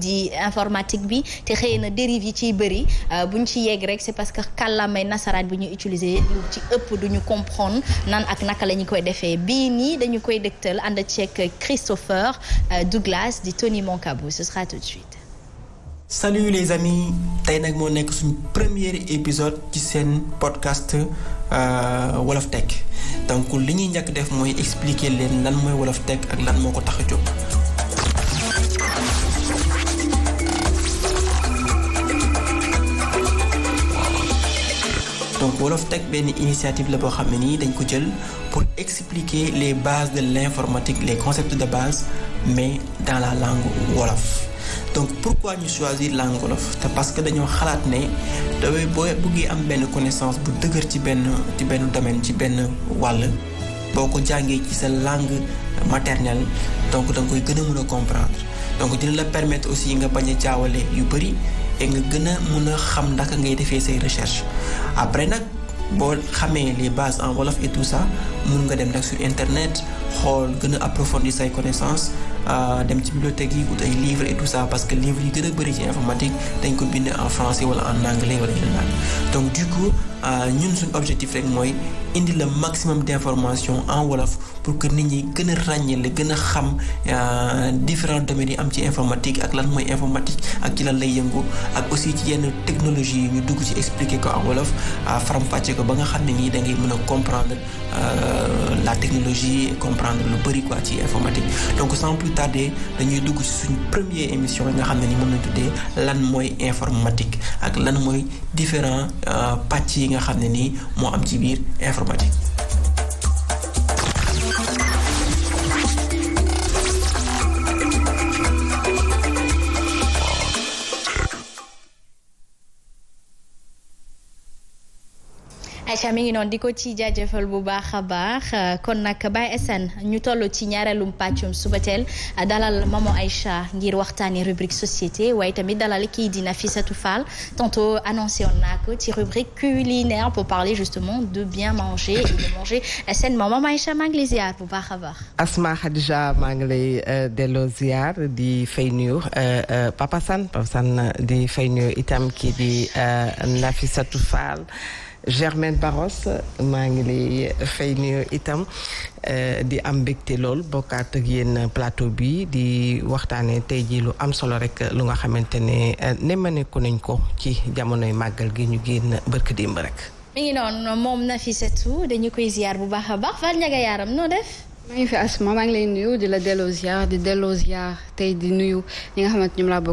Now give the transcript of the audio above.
di informatique bi te xëy na dérive yi ciy bëri euh, buñ ci yegg rek c'est parce que kàllaamay nasaraan bi ñuy utiliser lu ci ëpp duñu comprendre nan ak naka la ñu koy defee bii nii dañu koy dëgtal ànd ceeg Christopher euh, Douglas di Tony Mancabou ce sera les amis tey nag moo nekk suñu premier épisode ci seen podcast euh, Wolof Tech donc li ñuy njëkk def mooy expliquer leen lan mooy Wolof Tech ak lan moo ko tax a jóg donc Wolof teg benn initiative la boo xam ne nii dañ ko jël pour expliquer les bases de l'informatique les concepts de base mais dans la langue wolof. donc pourquoi ñu choisir langue wolof te parce que dañoo xalaat ne dafay boo bëggee am benn connaissance bu dëgër ci benn ci benn domaine ci benn wàll. boo ko jàngee ci sa langue maternelle donc da koy gën a mën a comprendre donc dina la permettre aussi nga bañ a jaawale yu bëri. et nga gën a mun a xam naka ngay defee say recherche après nag boo xamee les bases en wolof et tout ça mun nga dem nag sur internet xool gën a approfondir say connaissances euh, dem ci bibliothèque yi ut ay livres et tout ça parce que livres yi gën a bëri ci informatique dañ ko bind en français wala en anglais wala yeneen donc du coup euh, ñun suñ objectif rek mooy indi le maximum d'information en wolof pour que nit ñi gën a ràññeele gën a xam euh, différent domaines yi am ci informatique ak lan mooy informatique ak ci lan lay yëngu ak aussi ci yenn technologie yi ñu dugg ci expliquer ko en wolof euh, faram ko ba nga xam ne nii da ngay mën a comprendre la technologie comprendre lu bëri quoi ci informatique donc sans plus dañuy dugg ci suñ première émission yi nga xam ne ni mën na tuddee lan mooy informatique ak lan mooy différent Euh, pàcc yi nga xam ne nii moo am ci biir informatique Aïcha mi ngi noonu di ko ci jaajëfal bu baax a baax kon nag Baye Assane ñu toll ci ñaareelum pàccum suba teel dalal ay Aïcha ngir waxtaanee rubrique société waaye tamit dalal kii di Nafissatou Fall tantôt annoncé woon naa ko ci rubrique culinaire pour parler justement de bien manger et de manger sainement maman Aïcha maa ngi lay ziar bu baax a baax. Asma Khadija maa ngi lay euh, delloo ziar di fay nuyu euh, euh, Papa San Papa San di fay nuyu itam kii di Nafissatou Fall. Germaine Barros maa ngi lay fay nuyu itam euh, di am mbégte lool bokkaat ak yéen plateau bi di waxtaanee tey jii lu am solo rek lu nga xamante ne euh, nemmaneeku nañ ko ci jamonoy màggal gi ñu génn bërk démb rek. mi ngi noonu moom Nafissatou dañu koy ziar bu baax a baax Val Ndiaga Yaram noo def. maa ngi fi asma maa ngi lay nuyu di la delloo ziar di delloo ziar tey di nuyu ñi nga xamante ñoom laa bokk